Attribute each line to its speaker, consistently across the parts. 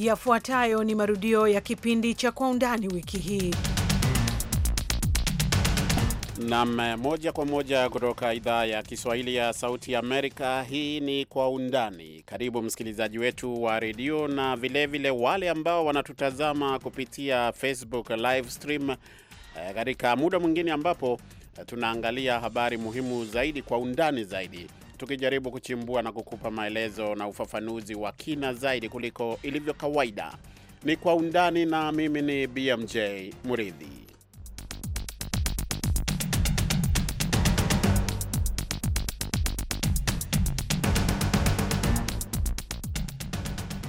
Speaker 1: Yafuatayo ni marudio ya kipindi cha Kwa Undani wiki hii.
Speaker 2: Nam moja kwa moja kutoka idhaa ya Kiswahili ya Sauti Amerika. Hii ni Kwa Undani. Karibu msikilizaji wetu wa redio na vilevile vile wale ambao wanatutazama kupitia Facebook live stream eh, katika muda mwingine ambapo tunaangalia habari muhimu zaidi kwa undani zaidi tukijaribu kuchimbua na kukupa maelezo na ufafanuzi wa kina zaidi kuliko ilivyo kawaida. Ni kwa undani, na mimi ni BMJ Muridhi.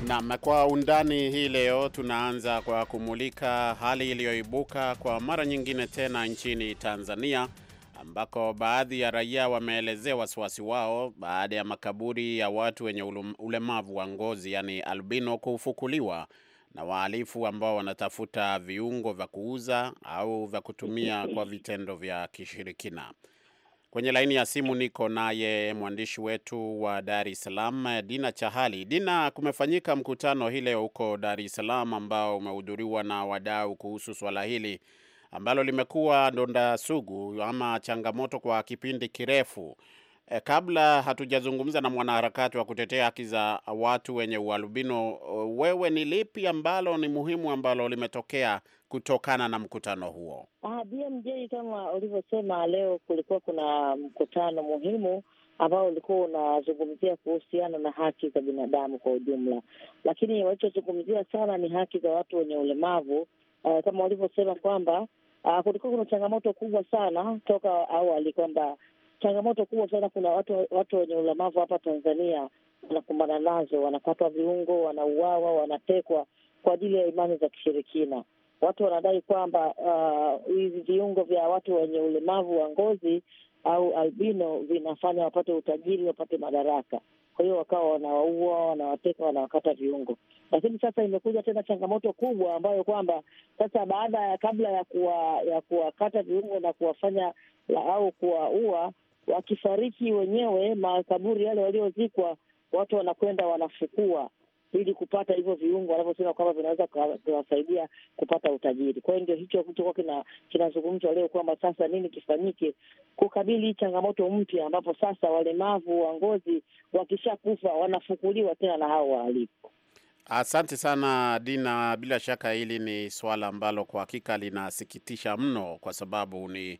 Speaker 2: Nam, kwa undani hii leo tunaanza kwa kumulika hali iliyoibuka kwa mara nyingine tena nchini Tanzania ambako baadhi ya raia wameelezea wasiwasi wao baada ya makaburi ya watu wenye ulemavu wa ngozi yani albino kufukuliwa na wahalifu ambao wanatafuta viungo vya kuuza au vya kutumia kwa vitendo vya kishirikina. Kwenye laini ya simu niko naye mwandishi wetu wa Dar es Salaam, Dina Chahali. Dina, kumefanyika mkutano hii leo huko Dar es Salaam ambao umehudhuriwa na wadau kuhusu swala hili ambalo limekuwa donda sugu ama changamoto kwa kipindi kirefu. E, kabla hatujazungumza na mwanaharakati wa kutetea haki za watu wenye ualbino, e, wewe ni lipi ambalo ni muhimu ambalo limetokea kutokana na mkutano huo?
Speaker 3: Ah, BMJ, kama ulivyosema, leo kulikuwa kuna mkutano muhimu ambao ulikuwa unazungumzia kuhusiana na haki za binadamu kwa ujumla, lakini walichozungumzia sana ni haki za watu wenye ulemavu. Uh, kama walivyosema kwamba uh, kulikuwa kuna changamoto kubwa sana toka awali kwamba changamoto kubwa sana kuna watu watu wenye ulemavu hapa Tanzania wanakumbana nazo, wanakatwa viungo, wanauawa, wanatekwa kwa ajili ya imani za kishirikina. Watu wanadai kwamba ah, hivi uh, viungo vya watu wenye ulemavu wa ngozi au albino vinafanya wapate utajiri, wapate madaraka. Kwa hiyo wakawa wanawaua, wanawateka, wanawakata viungo. Lakini sasa imekuja tena changamoto kubwa ambayo kwamba sasa baada ya kabla ya kuwa, ya kuwakata viungo na kuwafanya au kuwaua, wakifariki wenyewe makaburi yale waliozikwa, watu wanakwenda wanafukua ili kupata hivyo viungo wanavyosema kwamba vinaweza kuwasaidia kupata utajiri. Kwa hiyo ndio hicho kilichokuwa kinazungumzwa leo kwamba sasa nini kifanyike kukabili changamoto mpya, ambapo sasa walemavu wa ngozi wakishakufa wanafukuliwa tena na hao wahalifu.
Speaker 2: Asante sana Dina, bila shaka hili ni swala ambalo kwa hakika linasikitisha mno, kwa sababu ni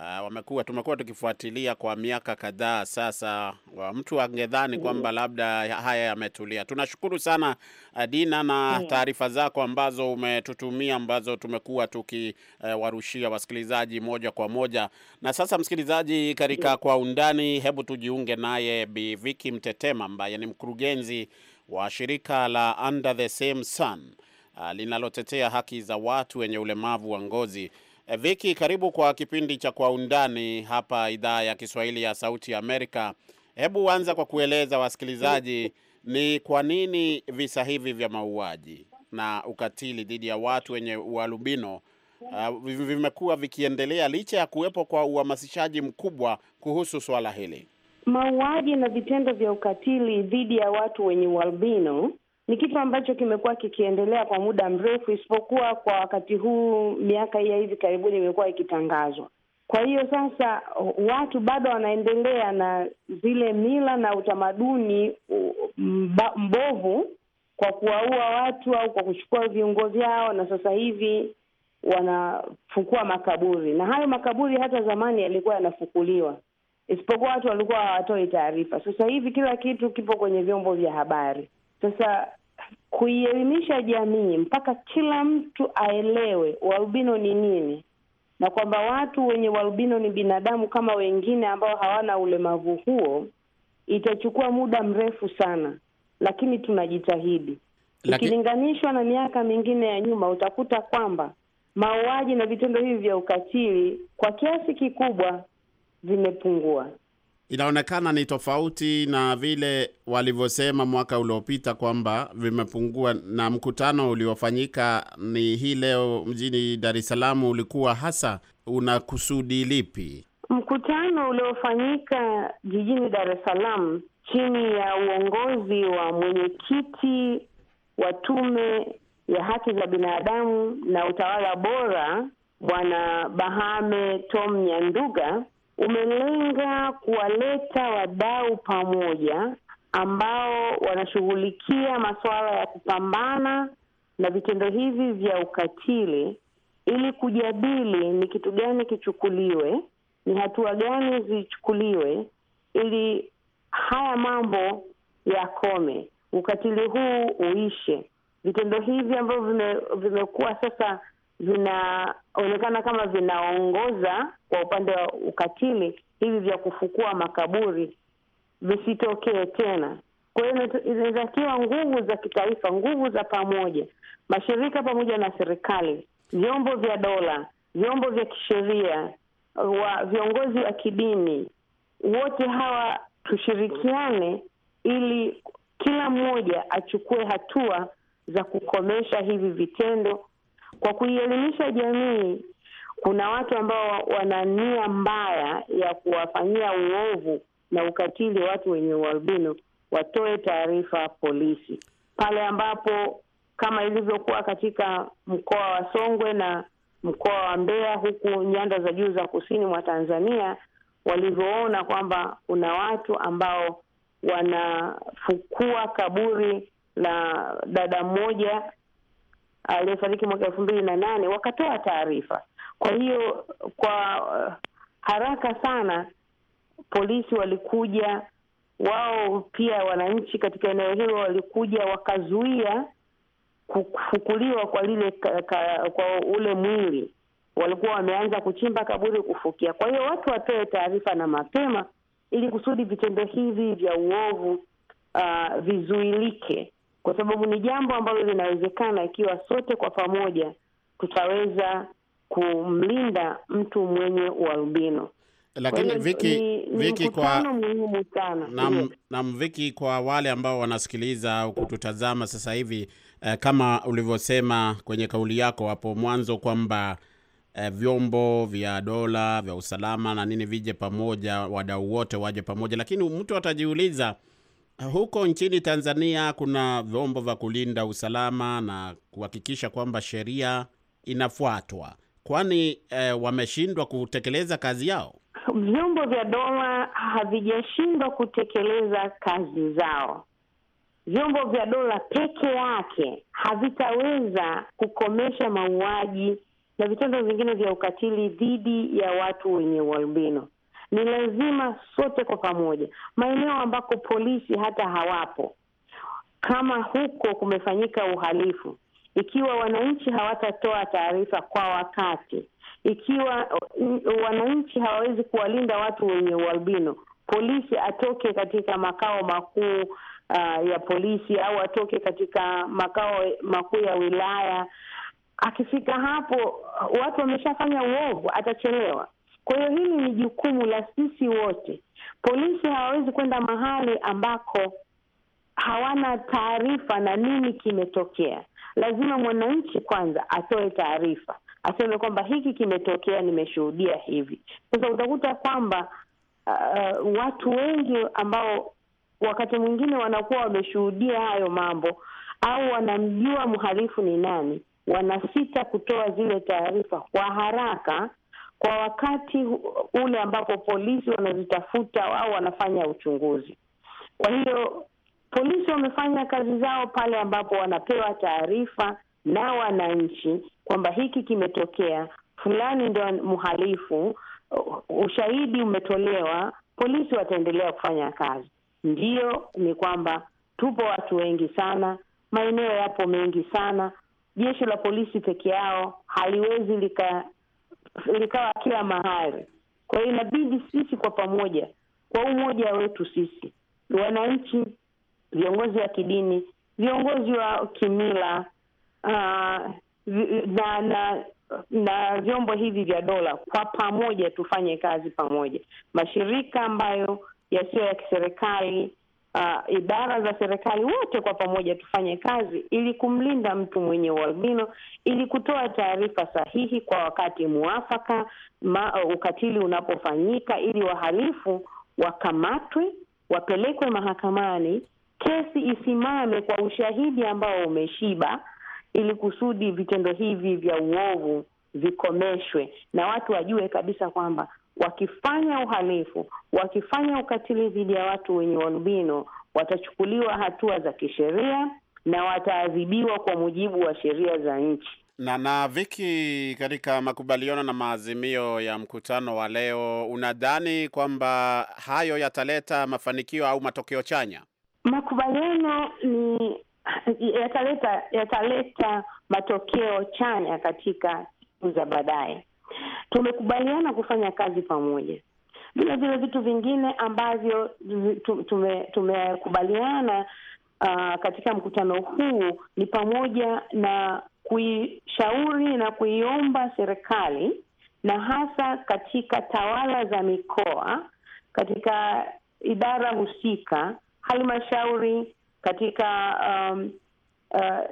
Speaker 2: Uh, wamekuwa tumekuwa tukifuatilia kwa miaka kadhaa sasa. Mtu angedhani mm. kwamba labda haya yametulia. Tunashukuru sana ah, Dina na mm. taarifa zako ambazo umetutumia ambazo tumekuwa tukiwarushia eh, uh, wasikilizaji moja kwa moja. Na sasa, msikilizaji, katika mm. kwa undani, hebu tujiunge naye Bi Mtetema ambaye ni mkurugenzi wa shirika la Under the Same Sun uh, linalotetea haki za watu wenye ulemavu wa ngozi. Eh, Viki, karibu kwa kipindi cha Kwa Undani hapa idhaa ya Kiswahili ya Sauti Amerika. Hebu anza kwa kueleza wasikilizaji ni kwa nini visa hivi vya mauaji na ukatili dhidi ya watu wenye ualbino uh, eh, vimekuwa vikiendelea licha ya kuwepo kwa uhamasishaji mkubwa kuhusu swala hili.
Speaker 1: Mauaji na vitendo vya ukatili dhidi ya watu wenye ualbino ni kitu ambacho kimekuwa kikiendelea kwa muda mrefu, isipokuwa kwa wakati huu, miaka hii ya hivi karibuni imekuwa ikitangazwa. Kwa hiyo sasa watu bado wanaendelea na zile mila na utamaduni mbovu kwa kuwaua watu au kwa kuchukua viungo vyao, na sasa hivi wanafukua makaburi, na hayo makaburi hata zamani yalikuwa yanafukuliwa, isipokuwa watu walikuwa hawatoi taarifa. Sasa hivi kila kitu kipo kwenye vyombo vya habari. Sasa kuielimisha jamii mpaka kila mtu aelewe ualbino ni nini na kwamba watu wenye ualbino ni binadamu kama wengine ambao hawana ulemavu huo, itachukua muda mrefu sana, lakini tunajitahidi. ikilinganishwa na miaka mingine ya nyuma, utakuta kwamba mauaji na vitendo hivi vya ukatili kwa kiasi kikubwa vimepungua
Speaker 2: inaonekana ni tofauti na vile walivyosema mwaka uliopita kwamba vimepungua. Na mkutano uliofanyika ni hii leo mjini Dar es Salaam ulikuwa hasa una kusudi lipi?
Speaker 1: Mkutano uliofanyika jijini Dar es Salaam chini ya uongozi wa mwenyekiti wa Tume ya Haki za Binadamu na Utawala Bora Bwana Bahame Tom Nyanduga umelenga kuwaleta wadau pamoja ambao wanashughulikia masuala ya kupambana na vitendo hivi vya ukatili ili kujadili ni kitu gani kichukuliwe, ni hatua gani zichukuliwe ili haya mambo yakome, ukatili huu uishe. Vitendo hivi ambavyo vimekuwa vime sasa vinaonekana kama vinaongoza kwa upande wa ukatili, hivi vya kufukua makaburi visitokee tena. Kwa hiyo inatakiwa nguvu za kitaifa, nguvu za pamoja, mashirika pamoja na serikali, vyombo vya dola, vyombo vya kisheria, wa viongozi wa kidini, wote hawa tushirikiane, ili kila mmoja achukue hatua za kukomesha hivi vitendo kwa kuielimisha jamii. Kuna watu ambao wana nia mbaya ya kuwafanyia uovu na ukatili watu wenye ualbino, watoe taarifa polisi pale ambapo kama ilivyokuwa katika mkoa wa Songwe na mkoa wa Mbeya, huku nyanda za juu za kusini mwa Tanzania walivyoona kwamba kuna watu ambao wanafukua kaburi la dada mmoja Uh, aliyefariki mwaka elfu mbili na nane wakatoa taarifa. Kwa hiyo kwa uh, haraka sana polisi walikuja wao pia wananchi katika eneo hilo walikuja wakazuia kufukuliwa kwa lile ka, ka, kwa ule mwili. Walikuwa wameanza kuchimba kaburi kufukia. Kwa hiyo watu watoe taarifa na mapema, ili kusudi vitendo hivi vya uovu uh, vizuilike kwa sababu ni jambo ambalo linawezekana ikiwa sote kwa pamoja tutaweza kumlinda mtu mwenye ualbino. Lakini Viki, Viki kwa muhimu
Speaker 2: nam Viki, kwa wale ambao wanasikiliza au kututazama sasa hivi eh, kama ulivyosema kwenye kauli yako hapo mwanzo kwamba eh, vyombo vya dola vya usalama na nini vije pamoja, wadau wote waje pamoja, lakini mtu atajiuliza huko nchini Tanzania kuna vyombo vya kulinda usalama na kuhakikisha kwamba sheria inafuatwa, kwani eh, wameshindwa kutekeleza kazi yao.
Speaker 1: Vyombo vya dola havijashindwa kutekeleza kazi zao. Vyombo vya dola peke yake havitaweza kukomesha mauaji na vitendo vingine vya ukatili dhidi ya watu wenye ualbino. Ni lazima sote kwa pamoja, maeneo ambako polisi hata hawapo, kama huko kumefanyika uhalifu, ikiwa wananchi hawatatoa taarifa kwa wakati, ikiwa wananchi hawawezi kuwalinda watu wenye ualbino, polisi atoke katika makao makuu uh, ya polisi au atoke katika makao makuu ya wilaya. Akifika hapo, watu wameshafanya uovu, atachelewa. Kwa hiyo hili ni jukumu la sisi wote. Polisi hawawezi kwenda mahali ambako hawana taarifa na nini kimetokea. Lazima mwananchi kwanza atoe taarifa, aseme kwamba hiki kimetokea, nimeshuhudia hivi. Sasa utakuta kwamba uh, watu wengi ambao wakati mwingine wanakuwa wameshuhudia hayo mambo au wanamjua mhalifu ni nani, wanasita kutoa zile taarifa kwa haraka kwa wakati ule ambapo polisi wanazitafuta au wanafanya uchunguzi. Kwa hiyo polisi wamefanya kazi zao pale ambapo wanapewa taarifa na wananchi kwamba hiki kimetokea, fulani ndo mhalifu, ushahidi umetolewa, polisi wataendelea kufanya kazi. Ndiyo, ni kwamba tupo watu wengi sana, maeneo yapo mengi sana. Jeshi la polisi peke yao haliwezi lika likawa kila mahali. Kwa hiyo inabidi sisi kwa pamoja, kwa umoja wetu sisi wananchi, viongozi wa kidini, viongozi wa kimila uh, na na na vyombo hivi vya dola, kwa pamoja tufanye kazi pamoja, mashirika ambayo yasiyo ya kiserikali uh, idara za serikali wote kwa pamoja tufanye kazi ili kumlinda mtu mwenye ualbino, ili kutoa taarifa sahihi kwa wakati mwafaka ma, uh, ukatili unapofanyika, ili wahalifu wakamatwe, wapelekwe mahakamani, kesi isimame kwa ushahidi ambao umeshiba, ili kusudi vitendo hivi vya uovu vikomeshwe na watu wajue kabisa kwamba wakifanya uhalifu, wakifanya ukatili dhidi ya watu wenye walubino watachukuliwa hatua za kisheria na wataadhibiwa kwa mujibu wa sheria za nchi. Na na Viki,
Speaker 2: katika makubaliano na maazimio ya mkutano wa leo, unadhani kwamba hayo yataleta mafanikio au matokeo chanya?
Speaker 1: Makubaliano ni yataleta yataleta matokeo chanya katika siku za baadaye, Tumekubaliana kufanya kazi pamoja vile vile vitu vingine ambavyo tumekubaliana tume uh, ah, katika mkutano huu ni pamoja na kuishauri na kuiomba serikali na hasa katika tawala za mikoa, katika idara husika, halmashauri, katika um, uh,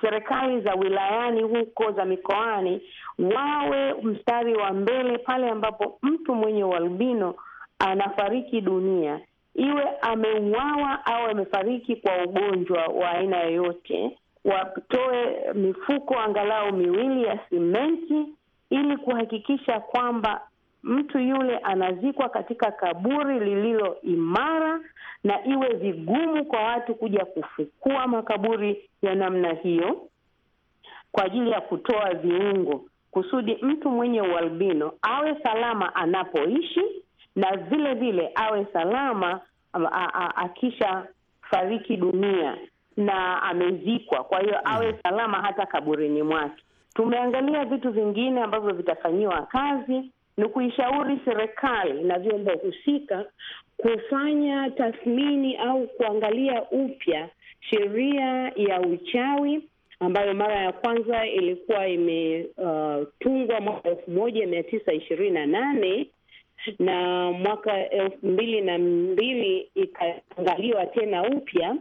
Speaker 1: serikali za wilayani huko za mikoani wawe mstari wa mbele pale ambapo mtu mwenye ualbino anafariki dunia, iwe ameuawa au amefariki kwa ugonjwa wa aina yoyote, watoe mifuko angalau miwili ya simenti ili kuhakikisha kwamba mtu yule anazikwa katika kaburi lililo imara, na iwe vigumu kwa watu kuja kufukua makaburi ya namna hiyo kwa ajili ya kutoa viungo, kusudi mtu mwenye ualbino awe salama anapoishi na vile vile awe salama akisha fariki dunia na amezikwa. Kwa hiyo awe mm. salama hata kaburini mwake. Tumeangalia vitu vingine ambavyo vitafanyiwa kazi ni kuishauri serikali na vyombo husika kufanya tathmini au kuangalia upya sheria ya uchawi ambayo mara ya kwanza ilikuwa imetungwa uh, mwaka elfu moja mia tisa ishirini na nane na mwaka elfu mbili na mbili ikaangaliwa tena upya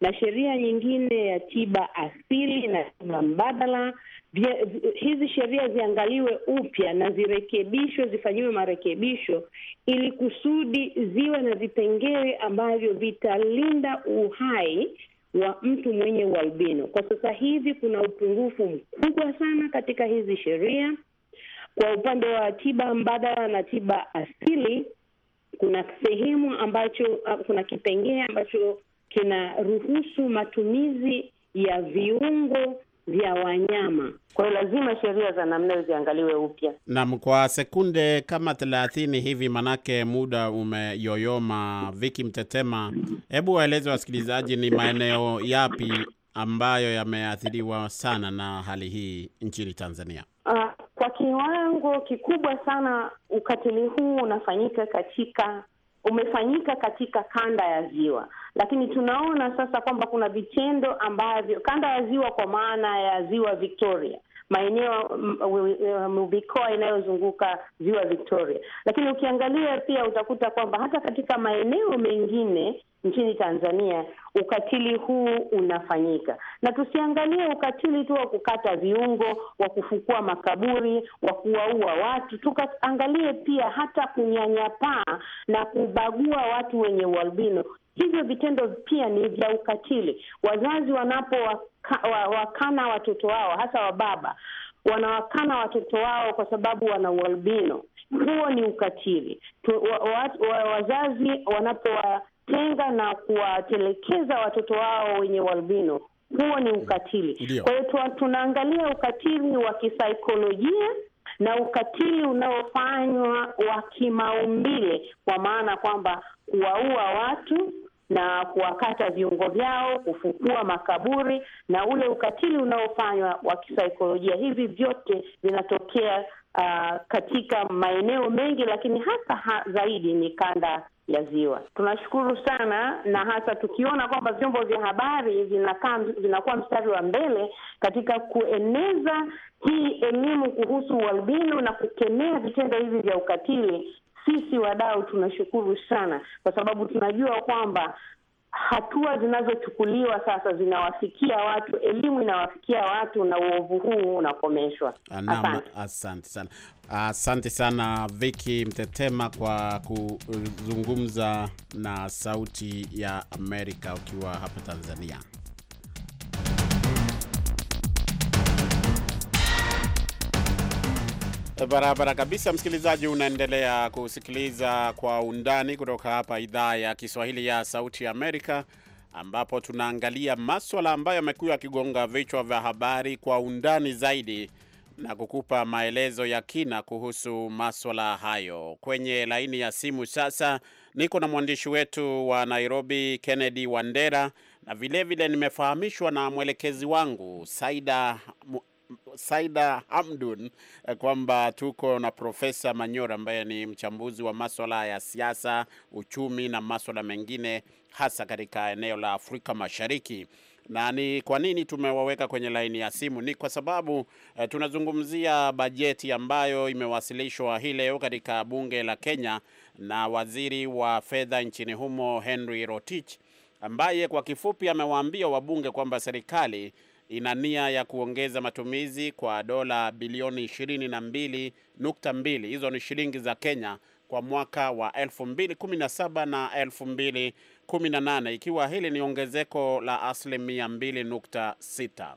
Speaker 1: na sheria nyingine ya tiba asili na tiba mbadala vya, hizi sheria ziangaliwe upya na zirekebishwe, zifanyiwe marekebisho ili kusudi ziwe na vipengele ambavyo vitalinda uhai wa mtu mwenye ualbino. Kwa sasa hivi kuna upungufu mkubwa sana katika hizi sheria. Kwa upande wa tiba mbadala na tiba asili, kuna sehemu ambacho, kuna kipengee ambacho kinaruhusu matumizi ya viungo vya wanyama. Kwa hiyo lazima sheria za namna hiyo ziangaliwe upya.
Speaker 2: Naam, kwa sekunde kama thelathini hivi, manake muda umeyoyoma. Viki Mtetema, hebu waeleze wasikilizaji ni maeneo yapi ambayo yameathiriwa sana na hali hii nchini Tanzania?
Speaker 1: Uh, kwa kiwango kikubwa sana ukatili huu unafanyika katika umefanyika katika kanda ya ziwa, lakini tunaona sasa kwamba kuna vitendo ambavyo kanda ya ziwa kwa maana ya ziwa Victoria maeneo mm, uh, mikoa inayozunguka ziwa Victoria, lakini ukiangalia pia utakuta kwamba hata katika maeneo mengine nchini Tanzania ukatili huu unafanyika, na tusiangalie ukatili tu wa kukata viungo, wa kufukua makaburi, wa kuwaua watu, tukaangalie pia hata kunyanyapaa na kubagua watu wenye ualbino. Hivyo vitendo pia ni vya ukatili. Wazazi wanapowakana watoto wao, hasa wababa wanawakana watoto wao kwa sababu wana ualbino, huo ni ukatili tu. Wazazi wa, kuwatenga na kuwatelekeza watoto wao wenye ualbino, huo ni ukatili. Kwa hiyo tunaangalia ukatili wa kisaikolojia na ukatili unaofanywa wa kimaumbile, kwa maana kwamba kuwaua watu na kuwakata viungo vyao, kufukua makaburi na ule ukatili unaofanywa wa kisaikolojia. Hivi vyote vinatokea uh, katika maeneo mengi, lakini hasa ha zaidi ni kanda ya ziwa. Tunashukuru sana, na hasa tukiona kwamba vyombo vya habari vinakaa vinakuwa mstari wa mbele katika kueneza hii elimu kuhusu ualbino na kukemea vitendo hivi vya ukatili. Sisi wadau tunashukuru sana, kwa sababu tunajua kwamba hatua zinazochukuliwa sasa zinawafikia watu, elimu inawafikia watu na uovu huu unakomeshwa. Asante,
Speaker 2: asante sana, asante sana Viki Mtetema kwa kuzungumza na Sauti ya Amerika ukiwa hapa Tanzania. Barabara kabisa, msikilizaji, unaendelea kusikiliza kwa undani kutoka hapa idhaa ya Kiswahili ya Sauti ya Amerika, ambapo tunaangalia maswala ambayo yamekuwa yakigonga vichwa vya habari kwa undani zaidi na kukupa maelezo ya kina kuhusu maswala hayo. Kwenye laini ya simu sasa niko na mwandishi wetu wa Nairobi, Kennedy Wandera, na vilevile nimefahamishwa na mwelekezi wangu Saida Saida Hamdun eh, kwamba tuko na Profesa Manyora ambaye ni mchambuzi wa maswala ya siasa, uchumi na maswala mengine hasa katika eneo la Afrika Mashariki. Na ni kwa nini tumewaweka kwenye laini ya simu? Ni kwa sababu eh, tunazungumzia bajeti ambayo imewasilishwa hii leo katika bunge la Kenya na waziri wa fedha nchini humo Henry Rotich, ambaye kwa kifupi amewaambia wabunge kwamba serikali ina nia ya kuongeza matumizi kwa dola bilioni 22.2, hizo ni shilingi za Kenya, kwa mwaka wa 2017 na 2018, ikiwa hili ni ongezeko la asilimia 2.6.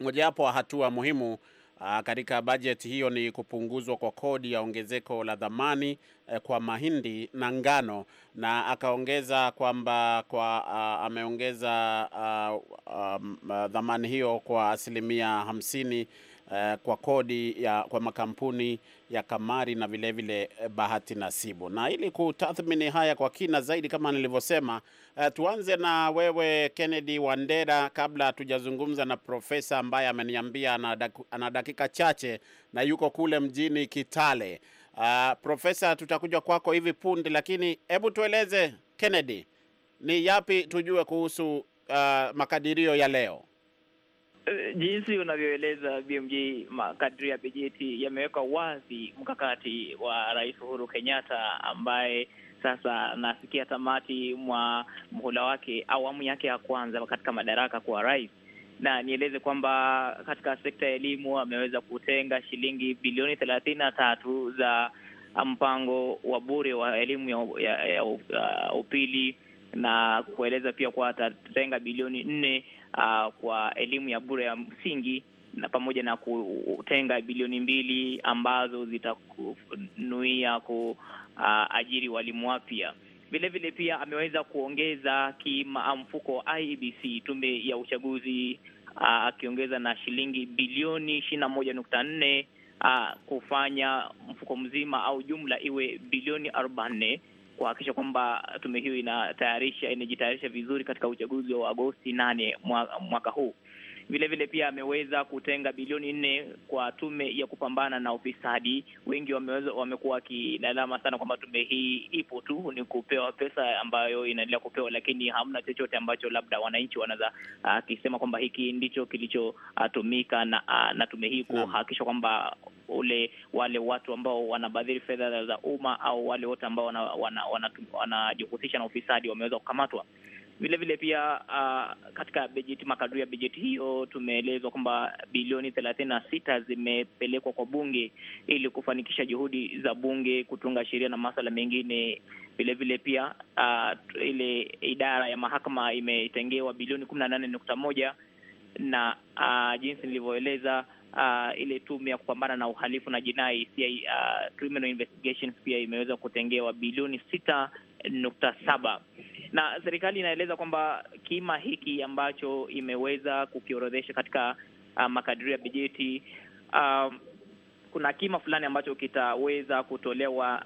Speaker 2: Mojawapo wa hatua muhimu Ah, katika bajeti hiyo ni kupunguzwa kwa kodi ya ongezeko la dhamani eh, kwa mahindi na ngano, na akaongeza kwamba kwa, uh, ameongeza uh, um, uh, dhamani hiyo kwa asilimia hamsini uh, kwa kodi ya, kwa makampuni ya kamari na vilevile vile eh, bahati nasibu. Na ili kutathmini haya kwa kina zaidi, kama nilivyosema, uh, tuanze na wewe Kennedy Wandera, kabla hatujazungumza na profesa ambaye ameniambia ana dakika chache na yuko kule mjini Kitale. Uh, profesa, tutakuja kwako hivi punde, lakini hebu tueleze Kennedy, ni yapi tujue kuhusu uh, makadirio ya leo?
Speaker 4: Eh, jinsi unavyoeleza BMJ, makadirio ya bajeti yameweka wazi mkakati wa Rais Uhuru Kenyatta ambaye sasa nafikia tamati mwa mhula wake, awamu yake ya kwanza katika madaraka kwa rais. Na nieleze kwamba katika sekta ya elimu ameweza kutenga shilingi bilioni thelathini na tatu za mpango wa bure wa elimu ya upili na kueleza pia kuwa atatenga bilioni nne uh, kwa elimu ya bure ya msingi na pamoja na kutenga bilioni mbili ambazo zitanuia kuajiri uh, walimu wapya. Vilevile pia ameweza kuongeza mfuko wa IEBC, tume ya uchaguzi uh, akiongeza uh, na shilingi bilioni ishirini na moja nukta nne uh, kufanya mfuko mzima au jumla iwe bilioni arobaini kuhakikisha kwamba tume hiyo inatayarisha inajitayarisha vizuri katika uchaguzi wa Agosti nane mwaka huu vile vile pia ameweza kutenga bilioni nne kwa tume ya kupambana na ufisadi. Wengi wameweza wamekuwa wakilalama sana kwamba tume hii ipo tu ni kupewa pesa ambayo inaendelea kupewa, lakini hamna chochote ambacho labda wananchi wanaweza akisema ah, kwamba hiki ndicho kilichotumika ah, na, ah, na tume hii kuhakikisha kwamba ule wale watu ambao wanabadhiri fedha za umma au wale wote ambao wanajihusisha wana, wana, wana, wana na ufisadi wameweza kukamatwa. Vile vile pia uh, katika bajeti, makadirio ya bajeti hiyo tumeelezwa kwamba bilioni thelathini na sita zimepelekwa kwa bunge ili kufanikisha juhudi za bunge kutunga sheria na maswala mengine. Vile vile pia uh, ile idara ya mahakama imetengewa bilioni kumi na nane nukta moja na uh, jinsi nilivyoeleza uh, ile tume ya kupambana na uhalifu na jinai CI, uh, Criminal Investigations pia imeweza kutengewa bilioni sita nukta saba na serikali inaeleza kwamba kima hiki ambacho imeweza kukiorodhesha katika uh, makadirio ya bajeti uh, kuna kima fulani ambacho kitaweza kutolewa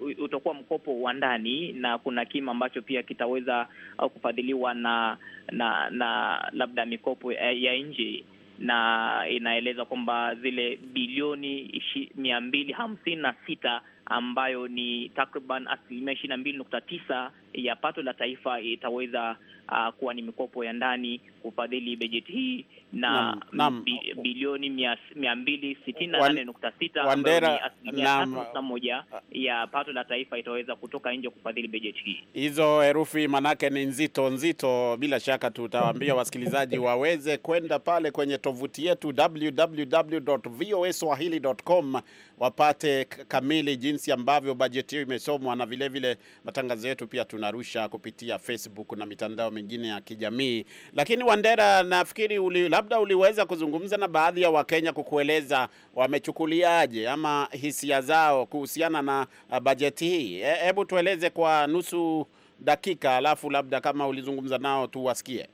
Speaker 4: uh, utakuwa mkopo wa ndani na kuna kima ambacho pia kitaweza uh, kufadhiliwa na na na labda mikopo ya nje, na inaeleza kwamba zile bilioni mia mbili hamsini na sita ambayo ni takriban asilimia ishirini na mbili nukta tisa ya pato la taifa itaweza uh, kuwa ni mikopo ya ndani kufadhili bajeti hii na nam, nam. bilioni mia mbili sitini na nane nukta sita asilimia tatu na moja ya pato la taifa itaweza kutoka nje kufadhili bajeti hii.
Speaker 2: Hizo herufi manake ni nzito nzito, bila shaka tutawaambia wasikilizaji waweze kwenda pale kwenye tovuti yetu www.voaswahili.com wapate kamili jinsi ambavyo bajeti hiyo imesomwa na vilevile matangazo yetu pia tuna tunarusha kupitia Facebook na mitandao mingine ya kijamii. Lakini Wandera, nafikiri uli, labda uliweza kuzungumza na baadhi ya Wakenya kukueleza wamechukuliaje ama hisia zao kuhusiana na uh, bajeti hii. E, hebu tueleze kwa nusu dakika, alafu labda kama ulizungumza nao
Speaker 4: tuwasikie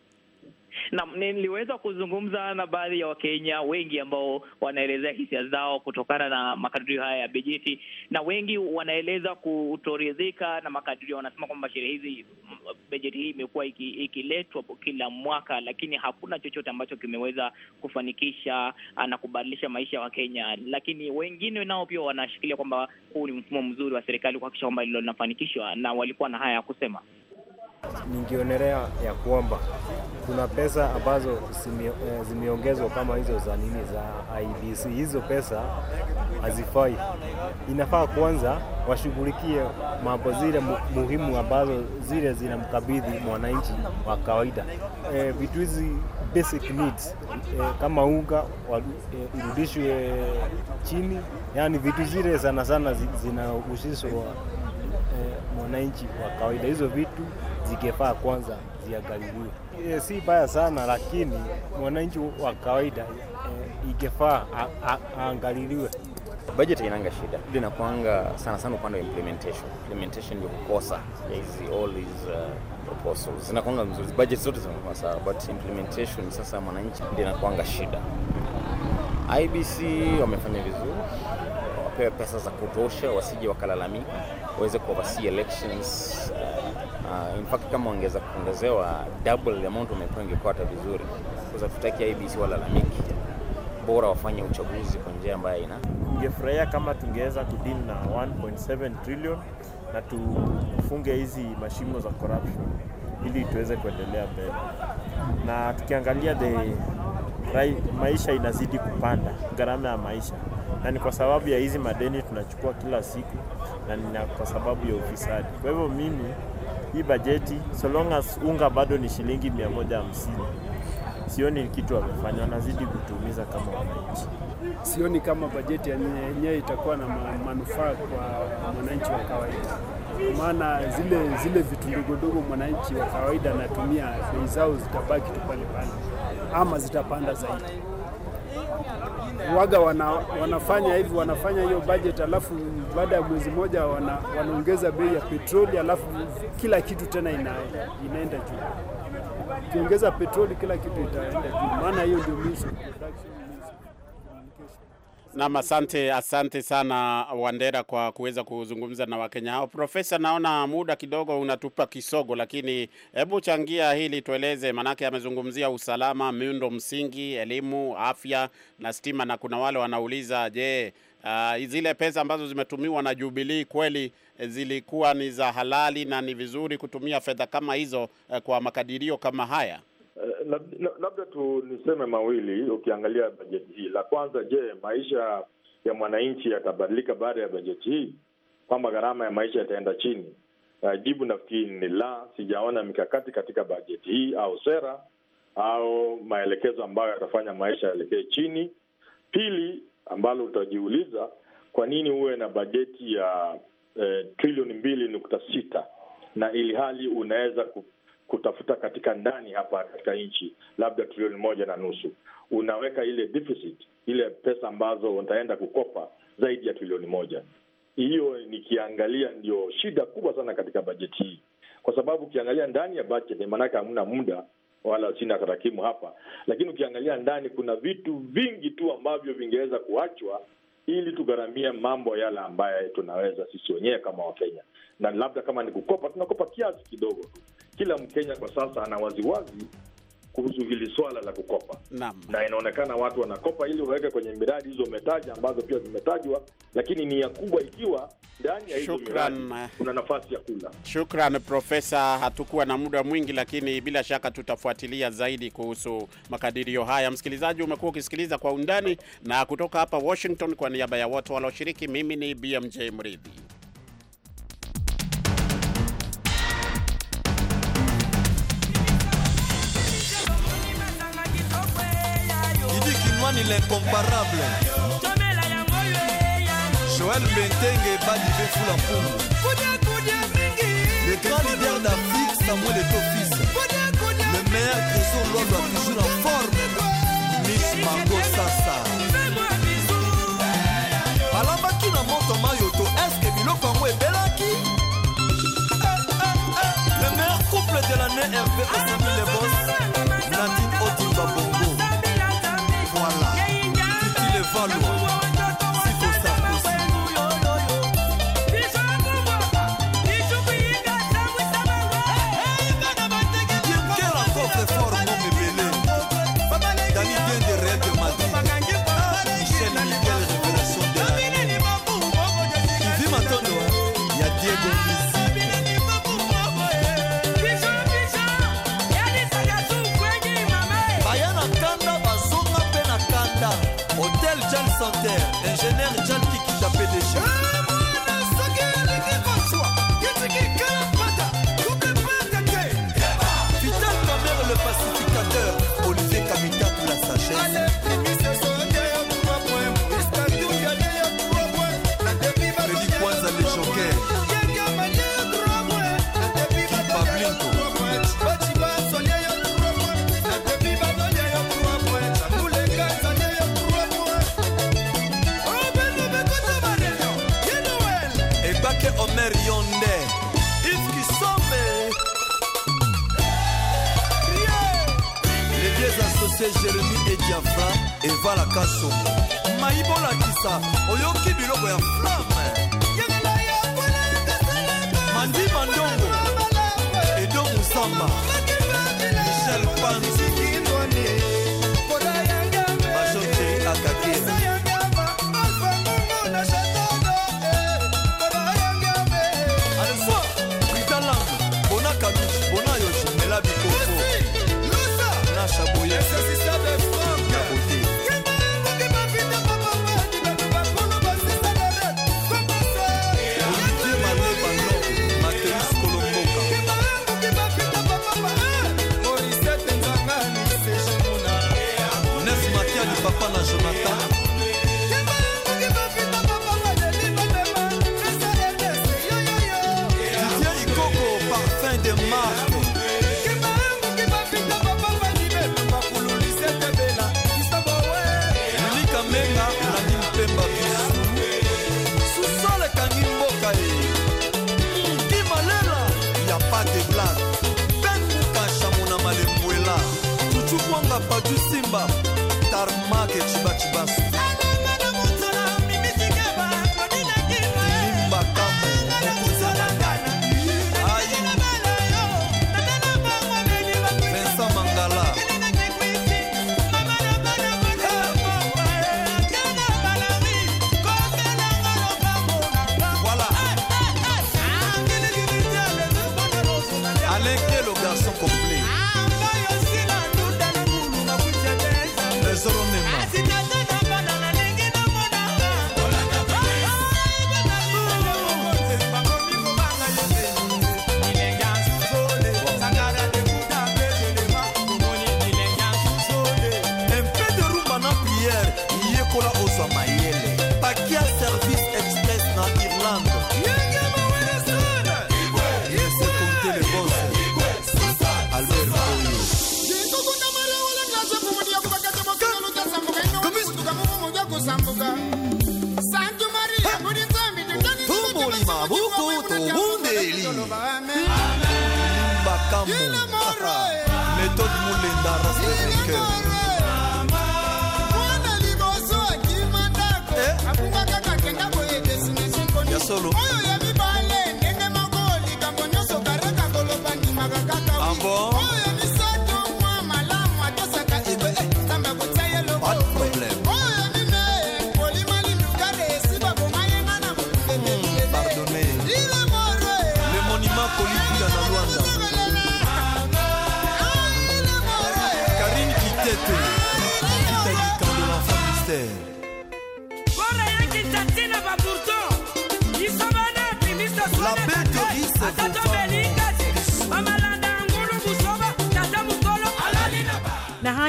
Speaker 4: na niliweza kuzungumza na baadhi ya Wakenya wengi ambao wanaelezea hisia zao kutokana na makadirio haya ya bajeti, na wengi wanaeleza kutoridhika na makadirio. Wanasema kwamba sherehe hizi, bajeti hii imekuwa ikiletwa iki kila mwaka, lakini hakuna chochote ambacho kimeweza kufanikisha ah, na kubadilisha maisha ya Wakenya. Lakini wengine nao pia wanashikilia kwamba huu ni mfumo mzuri wa serikali kuhakikisha kwamba hilo linafanikishwa, na walikuwa na haya ya kusema.
Speaker 5: Ningionelea ya kwamba kuna pesa ambazo eh, zimeongezwa kama hizo za nini za IBC. Hizo pesa hazifai, inafaa kwanza washughulikie mambo zile muhimu ambazo zile zinamkabidhi mwananchi wa kawaida, eh, vitu hizi basic needs e, kama unga urudishwe e, chini, yani vitu zile sana sana zinahusishwa e, mwananchi wa kawaida, hizo vitu zikifaa kwanza ziangaliwe. E, si baya sana lakini mwananchi wa kawaida e, eh, ikifaa aangaliliwe. Bajeti inanga shida linakuanga sana sana upande wa implementation. Implementation ndio kukosa hizi all these uh, proposals zinakuanga mzuri, budget zote
Speaker 2: zinakuwa sawa, but implementation sasa mwananchi ndio inakuanga shida. IBC wamefanya vizuri, wapewe pesa za kutosha, wasije wakalalamika, waweze kuoversee elections uh, Uh, in fact kama wangeweza kuongezewa double amount umepewa ingekuwa hata vizuri, kwa sababu tutaki IBC walalamiki, bora wafanye uchaguzi kwa njia ambayo ina. Tungefurahia kama tungeweza kudini na 1.7 trillion
Speaker 5: na tufunge hizi mashimo za corruption ili tuweze kuendelea mbele, na tukiangalia the maisha inazidi kupanda,
Speaker 2: gharama ya maisha, na ni kwa sababu ya hizi madeni tunachukua kila siku, na ni kwa sababu ya ufisadi. Kwa hivyo mimi hii bajeti, so long as unga bado ni shilingi 150 sioni kitu wamefanya, wanazidi kutuumiza kama wananchi. Sioni kama bajeti yenyewe itakuwa na manufaa kwa mwananchi wa kawaida, maana zile zile vitu ndogo ndogo mwananchi wa kawaida anatumia, bei zao zitabaki tu pale pale ama zitapanda zaidi waga wana, wanafanya hivi, wanafanya hiyo budget, alafu baada ya mwezi mmoja wana, wanaongeza bei ya petroli, alafu kila kitu tena ina, inaenda juu.
Speaker 6: Ukiongeza petroli, kila kitu itaenda juu, maana hiyo ndio means of production.
Speaker 2: Nam, asante asante sana Wandera kwa kuweza kuzungumza na Wakenya hao. Profesa, naona muda kidogo unatupa kisogo, lakini hebu changia hili tueleze, maanake amezungumzia usalama, miundo msingi, elimu, afya na stima, na kuna wale wanauliza je, uh, zile pesa ambazo zimetumiwa na jubilii kweli eh, zilikuwa ni za halali na ni vizuri kutumia fedha kama hizo uh, kwa makadirio kama
Speaker 5: haya? labda tu niseme mawili. Ukiangalia bajeti hii, la kwanza, je, maisha ya mwananchi yatabadilika baada ya bajeti hii, kwamba gharama ya maisha yataenda chini? Uh, jibu nafikiri ni la. Sijaona mikakati katika bajeti hii au sera au maelekezo ambayo yatafanya maisha yaelekee chini. Pili, ambalo utajiuliza, kwa nini huwe na bajeti ya eh, trilioni mbili nukta sita na ili hali unaweza kutafuta katika ndani hapa katika nchi labda trilioni moja na nusu, unaweka ile deficit, ile pesa ambazo utaenda kukopa zaidi ya trilioni moja. Hiyo nikiangalia ndio shida kubwa sana katika bajeti hii, kwa sababu ukiangalia ndani ya bajeti, maanake hamna muda wala sina tarakimu hapa, lakini ukiangalia ndani kuna vitu vingi tu ambavyo vingeweza kuachwa ili tugharamia mambo yale ambayo tunaweza sisi wenyewe kama Wakenya, na labda kama ni kukopa, tunakopa kiasi kidogo tu kila Mkenya kwa sasa ana waziwazi kuhusu hili swala la kukopa na, na inaonekana watu wanakopa ili waweke kwenye miradi hizo umetaja, ambazo pia zimetajwa, lakini nia kubwa ikiwa ndani ya hizo miradi eh. kuna nafasi ya kula.
Speaker 2: Shukran Profesa, hatukuwa na muda mwingi, lakini bila shaka tutafuatilia zaidi kuhusu makadirio haya. Msikilizaji, umekuwa ukisikiliza kwa undani na kutoka hapa Washington. Kwa niaba ya wote walioshiriki, mimi ni BMJ Mridhi.
Speaker 6: l'incomparable. Joël Mentenge Badibé Foulapoum. Le grand leader d'Afrique, Samuel est office. Le maire de son loi doit toujours en forme. Miss Margot Sassa. alambaki na moto est-ce que est bel acquis le meilleur couple de l'année hervé les bos balakaso mayibolakisa oyoki biloko ya flame Letot mulinda ras de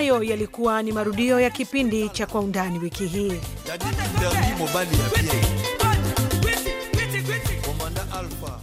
Speaker 1: Hayo yalikuwa ni marudio ya kipindi cha Kwa Undani wiki hii.
Speaker 6: Yaani,